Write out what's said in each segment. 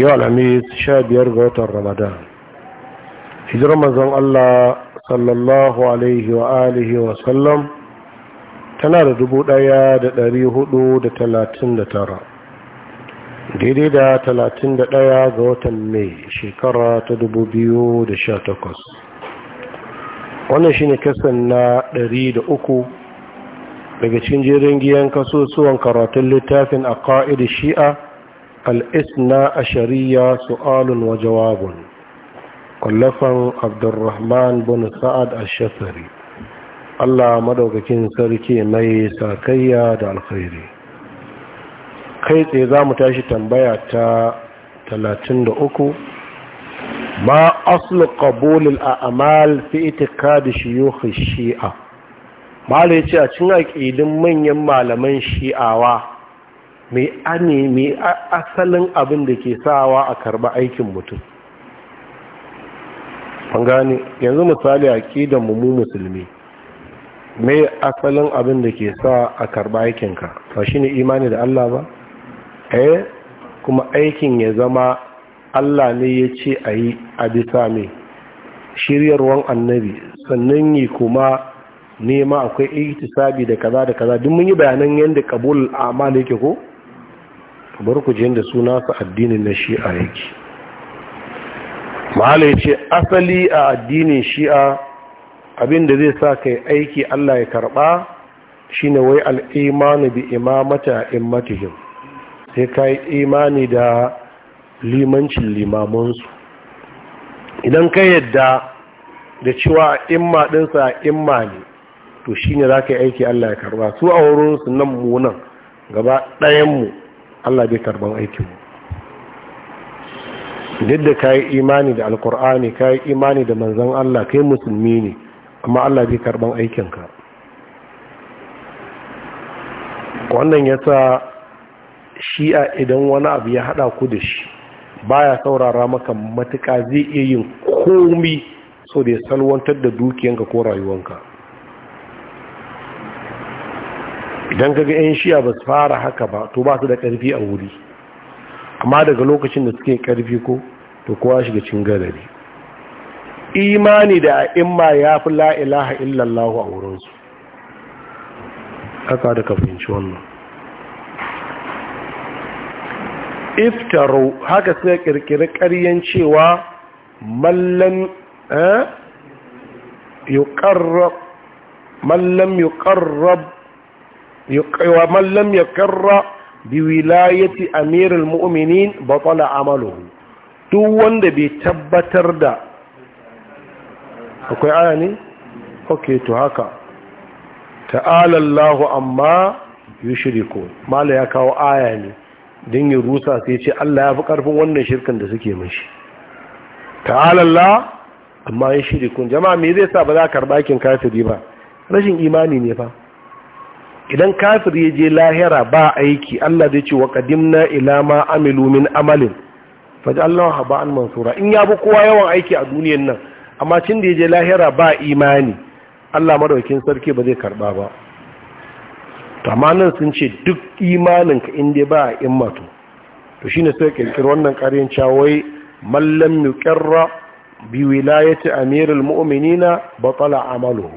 yau alhamis sha biyar ga watan ramadan hijirar mazan allah sallallahu alaihi wa alihi wa sallam tana da dubu ɗaya da dari hudu da talatin da tara daidai da talatin da ɗaya ga watan mai shekara ta dubu biyu da sha takwas wannan shi ne kasan na ɗari da uku daga cikin jirgin giyan kasusuwan karatun littafin a ƙa'idar shi'a al'isna a shari'a su'alun wa jawabun kwallafan abdurrahman bin sa'ad a allah madaukakin sarki mai sakayya da alkhairi kai tsaye za mu tashi tambaya ta talatin da uku? ma aslu qabulul a'mal fi itikadi shuyukh shi'a malai ce a cikin aqidin manyan malaman shi'awa mai ane asalin abin da ke sawa a karba aikin mutum an gane yanzu misali a mu mu musulmi mai asalin abin da ke sa a karba aikinka ba shine imani da Allah ba eh kuma aikin ya zama Allah ne ya ce a yi a bisa mai shiryarwan annabi sannan yi kuma nema akwai sabi da kaza da kaza duk mun yi bayanan yadda qabul a'mal yake ko bar ku da suna su addinin na shi'a yake mahala ce asali a addinin shi'a abinda zai sa kai aiki allah ya karba shine wai al'imani bi imamata immatihim sai ka yi imani da limancin limamansu idan ka yadda da cewa imma a imma ne to shine za ka yi aiki allah ya karba su a wurin su nan munan gaba ɗayanmu Allah bai karban aikinmu duk da kayi imani da alkur'ani yi imani da manzon Allah kai musulmi ne amma Allah bai karban aikinka wannan yasa shi'a idan wani abu ya hada ku da shi baya saurara maka matuƙa zai iya yin komi so da ya salwantar da dukiyanka ko rayuwanka idan ka ga yan shiya ba su fara haka ba to ba su da karfi a wuri amma daga lokacin da suke ƙarfi ko to kowa shiga cin gadari imani da imma ya fi la'ilaha illallahu a wurinsu haka da kafinci wannan iftaro haka suka kirkiri karyan cewa mallan eh, yuqarrab mallam yuqarrab wa Mallam lam yakarra bi wilayati amirul mu'minin batala amaluhu duk wanda bai tabbatar da akwai aya ne okay to haka ta'ala Allahu amma yushriku mala ya kawo aya ne din rusa sai ce Allah ya fi karfin wannan shirkan da suke mashi. ta'ala Allah amma yushriku jama'a me zai sa ba za ka karba kin kafiri ba rashin imani ne fa idan kafir ya je lahira ba aiki Allah zai ce wa kadimna ila ma amilu min amalin fajallahu an mansura in ya bi kowa yawan aiki a duniyar nan amma cin da ya je lahira ba imani Allah madaukakin sarki ba zai karba ba to amma nan sun ce duk imanin ka inda ba a immatu to shine sai kirkir wannan ƙaryan cawai mallam yuqarra bi wilayati amirul mu'minina batala amaluhu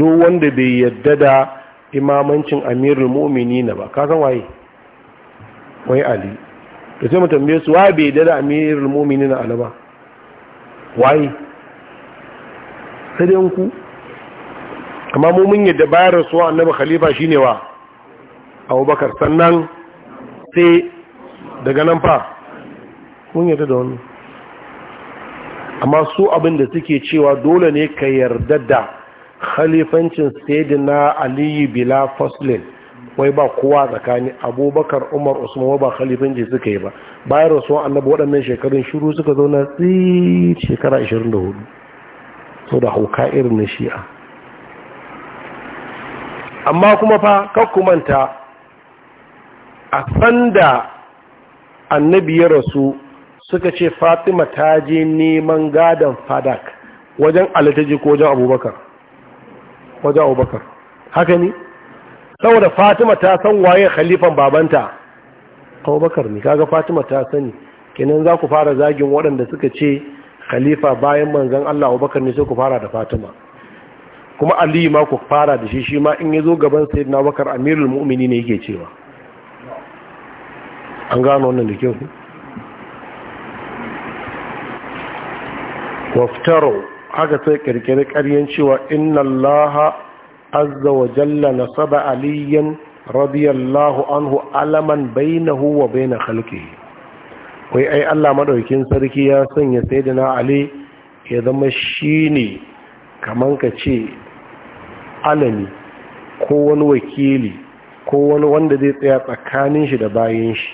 duk wanda bai yadda da imamancin amirul mu'minina ba ka san waye wai ali to sai mutum bai su waye bai da amirul mu'minina ali ba waye sai ku amma mu mun yadda bayar suwa annabi khalifa shine wa abubakar sannan sai daga nan fa mun yadda da wannan amma su abin da suke cewa dole ne ka yarda da khalifancin saidina aliyu bila faslin wai ba kowa tsakani abubakar umar usman ba khalifanci suka yi ba bayan rasuwan annabi waɗannan shekarun shiru suka zauna tsi shekara 24 sau da hauka irin na shi'a amma kuma fa kakkumanta a sanda annabi ya rasu suka ce fatima ta je neman gadon fadak wajen alitaji ko wajen abubakar wajen abubakar haka ne saboda fatima ta san waye khalifan babanta abubakar ne kaga fatima ta sani kenan za ku fara zagin waɗanda suka ce khalifa bayan manzan allah abubakar ne sai ku fara da fatima kuma aliyu ma ku fara da shi shi ma in ya zo gaban na bakar amirul mu'mini ne yake cewa an gano wannan da kyau waftaro haka sai kirkiri karyan cewa inna Allah azza wa jalla nasaba aliyan radiyallahu anhu alaman bainahu wa baina khalqihi wai ai Allah madaukin sarki ya sanya sayyidina Ali ya zama shine kaman ka ce alami ko wani wakili ko wani wanda zai tsaya tsakanin shi da bayan shi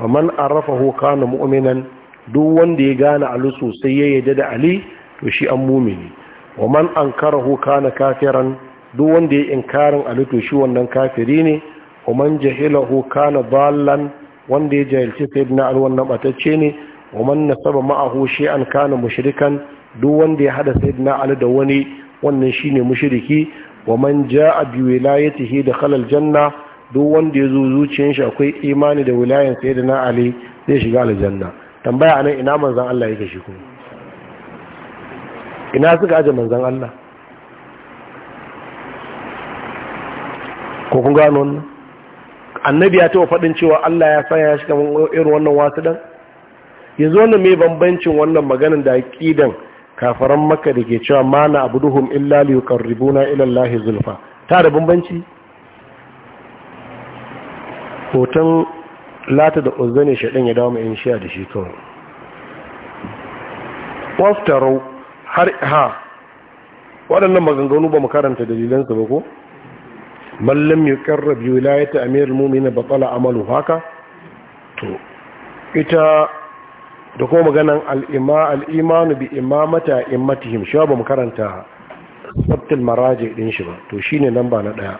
faman arafahu kana mu'minan duk wanda ya gane alu sosai ya yadda da ali to shi an mumini wa man an ankarahu kana kafiran duk wanda ya inkarin ali to shi wannan kafiri ne wa man jahilahu kana ballan wanda ya jahilci sayyidina ali wannan batacce ne wa man nasaba ma'ahu shay'an kana mushrikan duk wanda ya hada sayyidina ali da wani wannan shine mushriki wa man jaa bi wilayatihi dakhala janna, duk wanda ya zo zuciyar shi akwai imani da wilayan sayyidina ali zai shiga aljanna tambaya anan ina manzon Allah yake shi kuma ina suka aje manzan Allah ko kun gano wannan annabi ya taɓa faɗin cewa Allah ya sanya shi kamar irin wannan wasu dan yanzu wannan mai bambancin wannan maganar da aqidan kafaran Makka da ke cewa mana abuduhum illa li yuqarribuna ila Allah zulfa ta da bambanci hoton lata da uzza ne shaɗin ya dawo mai inshiya da shi kawai har ha waɗannan maganganu ba mu karanta dalilansu ba ko mallam ya karrabi wilayata amirul mu'minin batala amalu haka to ita da kuma maganan al'ima al'imanu bi imamata immatihim shi ba mu karanta sabtul maraji din shi ba to shine ba na ɗaya daya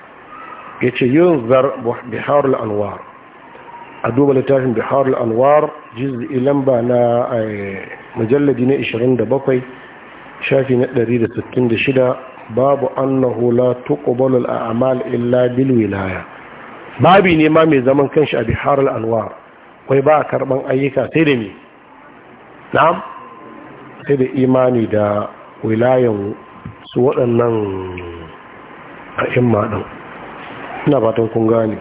yace zar biharul anwar a duba littafin biharul anwar juz'i lamba na eh, mujalladi na 27 shafi na 166 babu annahula la tuqbalu al-a'mal illa bil wilaya babi ne ma mai zaman kanshi a bihar al-anwar wai ba karban ayyuka sai da me na'am sai da imani da wilayan su waɗannan a'imma din ina fatan kun gane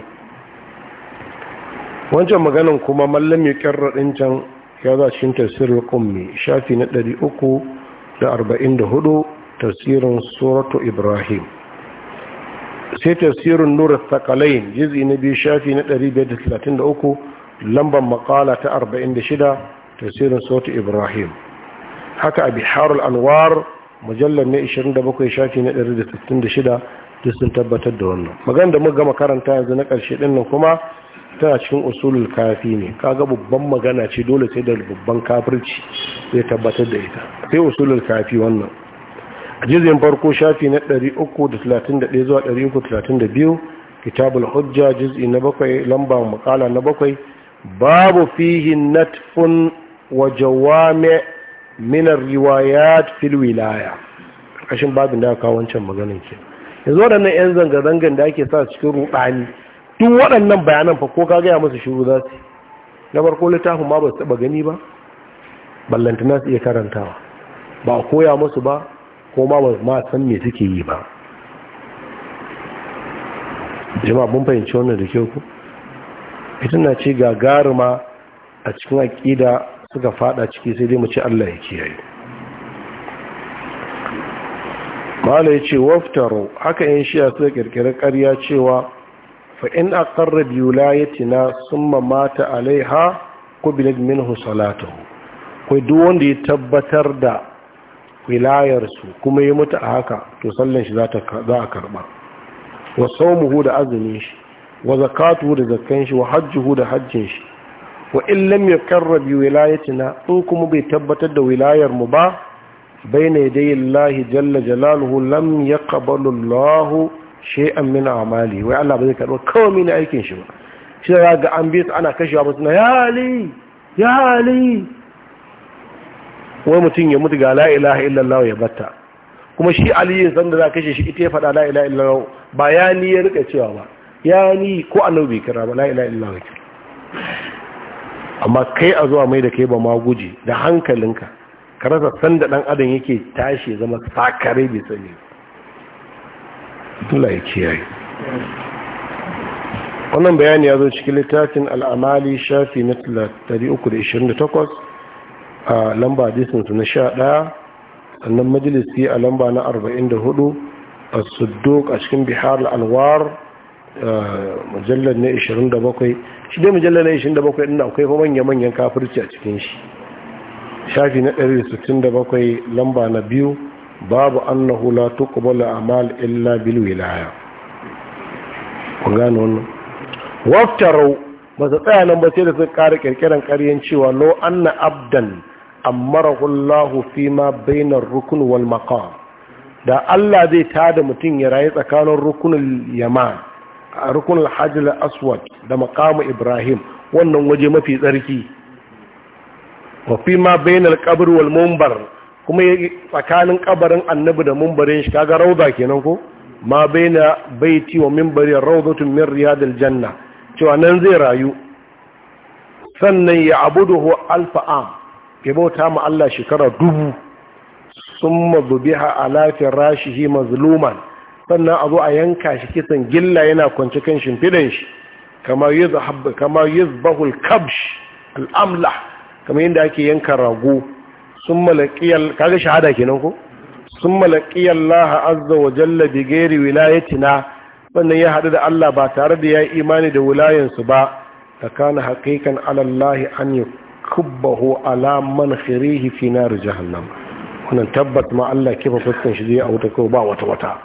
wancan maganan kuma mallam ya can ya za cikin tafsirul qummi shafi na 300 da arba'in da hudu tasirin suratu ibrahim sai tasirin nura sakalain jizi na biyu shafi na ɗari biyar da da uku, lambar makala ta arba'in da shida tasirin suratu ibrahim haka a biharul anwar mujallar na ishirin da bakwai shafi na ɗari da da shida, duk sun tabbatar da wannan magan da muka gama karanta yanzu na ƙarshe ɗin nan kuma tana cikin usulul kafi ne kaga babban magana ce dole sai da babban kafirci zai tabbatar da ita sai usulul kafi wannan a jizin farko shafi na 331 zuwa 332 kitabul hujja jiz'i na bakwai lamba makala na bakwai babu fihi natfun wa jawami min riwayat fil wilaya kashin babin da aka wancan maganin ke yanzu waɗannan 'yan zanga-zangan da ake sa cikin ruɗani duk waɗannan bayanan fa ko ka gaya musu shiru za su na farko littafin ma ba su taɓa gani ba ballantana su iya karantawa ba a koya masu ba ko ma ba ma san me suke yi ba jama'a mun fahimci wannan da kyau ku ita na ce gagaruma a cikin aƙida suka fada ciki sai dai mu ci Allah ya kiyaye mala ya ce waftaro haka yin shiya suka ƙirƙirar ƙarya cewa fa in aqarra bi wilayatina summa mata alaiha qubilat minhu salatuhu kai duk wanda ya tabbatar da wilayarsu su kuma ya mutu a haka to sallan shi za a karba wa sawmuhu da azumin shi wa zakatuhu da zakkan shi wa hajjuhu da hajjin shi wa in lam yaqarra bi wilayatina in kuma bai tabbatar da wilayar mu ba bayna yadayi Allah jalla jalaluhu lam yaqbalu Allah shay'an min amali wai Allah ba zai karba kawai na aikin shi ba shi da ga an bi ana kashewa ba suna ya ali ya ali wai mutum ya mutu ga la ilaha illallah ya batta kuma shi yin san da za kashe shi ita ya faɗa la ilaha illallah ba ya ni ya rika cewa ba ya ni ko annabi bai kira ba la ilaha illallah amma kai a zuwa mai da kai ba maguji da hankalinka ka rasa san da dan adam yake tashi zama sakare bai sani ba Allah ya kiyaye wannan bayani ya zo cikin littafin al'amali shafi na 328 a lamba disinsu na 11 sannan majalisi a lamba na 44 a suduk a cikin bihar al'alwar mujallar na 27 shi dai mujallar na 27 ina akwai kuma manya-manyan kafirci a cikin shi shafi na 167 lamba na biyu babu annahu la tuqbalu amal illa bil wilaya kun gano wannan waftarau ba su tsaya nan ba sai da suka ƙara kirkiran ƙaryen cewa lo anna abdan amarahu Allah fi ma bainar rukun wal maqam da Allah zai tada mutum ya rayu tsakanin rukunul yama rukunul hajjal aswad da maqam ibrahim wannan waje mafi tsarki wa fi ma bainar qabr wal munbar kuma ya tsakanin kabarin annabi da mumbarin shi kaga rauda kenan ko ma baina baiti wa mimbari rawdatun min riyadil janna cewa nan zai rayu sannan ya abuduhu alfa am ya bauta ma Allah shekara dubu summa zubiha ala firashihi mazluman sannan a zo a yanka shi kisan gilla yana kwance kan shimfidan shi kamar yuzbahu al-kabsh al'amla, kamar yadda ake yanka rago sun malakiyar kaga shahada kenan ko sun malakiyar laha azza wa jalla bi gairi wilayatina wannan ya haɗu da Allah ba tare da ya yi imani da wilayensu ba ta kana haƙiƙan alallahi an yi kubbahu ala man khirihi fi nar jahannam wannan tabbat ma Allah kifa fuskan shi zai a wuta ko ba wata wata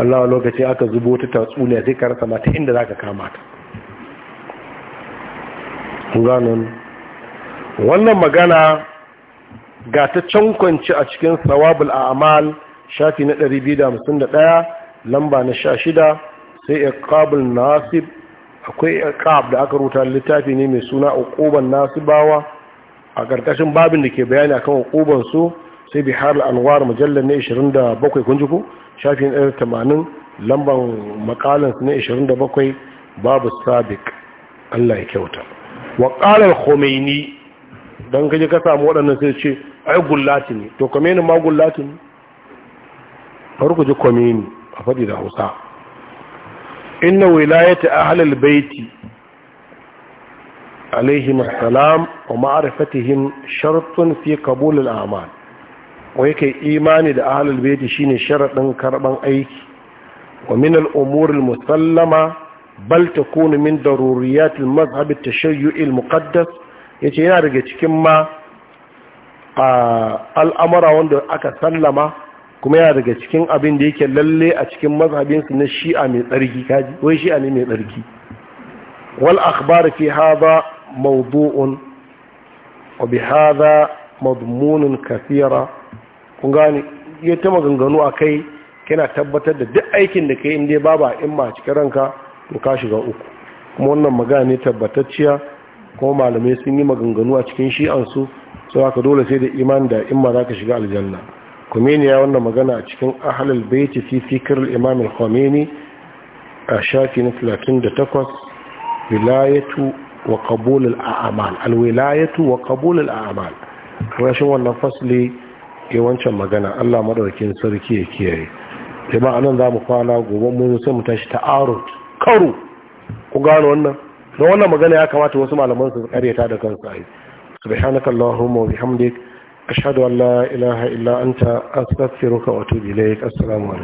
Allah lokaci aka zubo ta tatsuniya sai ka mata inda za ka kama ta wannan magana ga ta cankwanci a cikin sawabul a'mal shafi na 251 lamba na 16 sai iqabul nasib akwai iqab da aka rubuta littafi ne mai suna uquban nasibawa a karkashin babin da ke bayani akan uquban su sai bihar al-anwar mujallal na 27 kun ji ko shafi na 80 lamban makalan na 27 babu sabiq Allah ya kyauta wa ƙalar khomeini don kaji ka samu waɗannan sai ce ai gullati ne to kamenin ma gullati ne farko ji khomeini a faɗi da hausa inna wilayata ahlal baiti alaihim assalam wa ma'rifatihim shartun fi qabul al a'mal wa yake imani da ahlal baiti shine sharadin karban aiki wa min umuri musallama bal takunu min daruriyatil mazhab at-tashayyu'il Ya yace yana daga cikin ma al'amura wanda aka sallama kuma yana daga cikin abin da yake lalle a cikin mazhabinsu na shi'a mai tsarki kaji wai shi'a ne mai tsarki wal akhbar fi hadha mawdu'un wa bi hadha madmunun kathira kun gani ya ta maganganu akai kina tabbatar da duk aikin da kai inda babu imma cikin ranka to ka shiga uku kuma wannan magana ne tabbatacciya kuma malamai sun yi maganganu a cikin shi'ansu su haka dole sai da iman da in maza za ka shiga aljanna kumeni ya wannan magana a cikin ahalal baiti fi fikir imam al-khomeini a shafi na 38 wilayatu wa qabul al-a'mal al-wilayatu wa qabul al-a'mal shi wannan fasli ya wancan magana Allah madaukakin sarki ya kiyaye jama'a nan mu kwana gobe mun sai mu tashi ta'arud karo ku gano wannan don wannan magana ya kamata wasu malaman su karyata da kansu ai subhanaka allahumma wa bihamdik ashhadu an la ilaha illa anta astaghfiruka wa atubu ilayk assalamu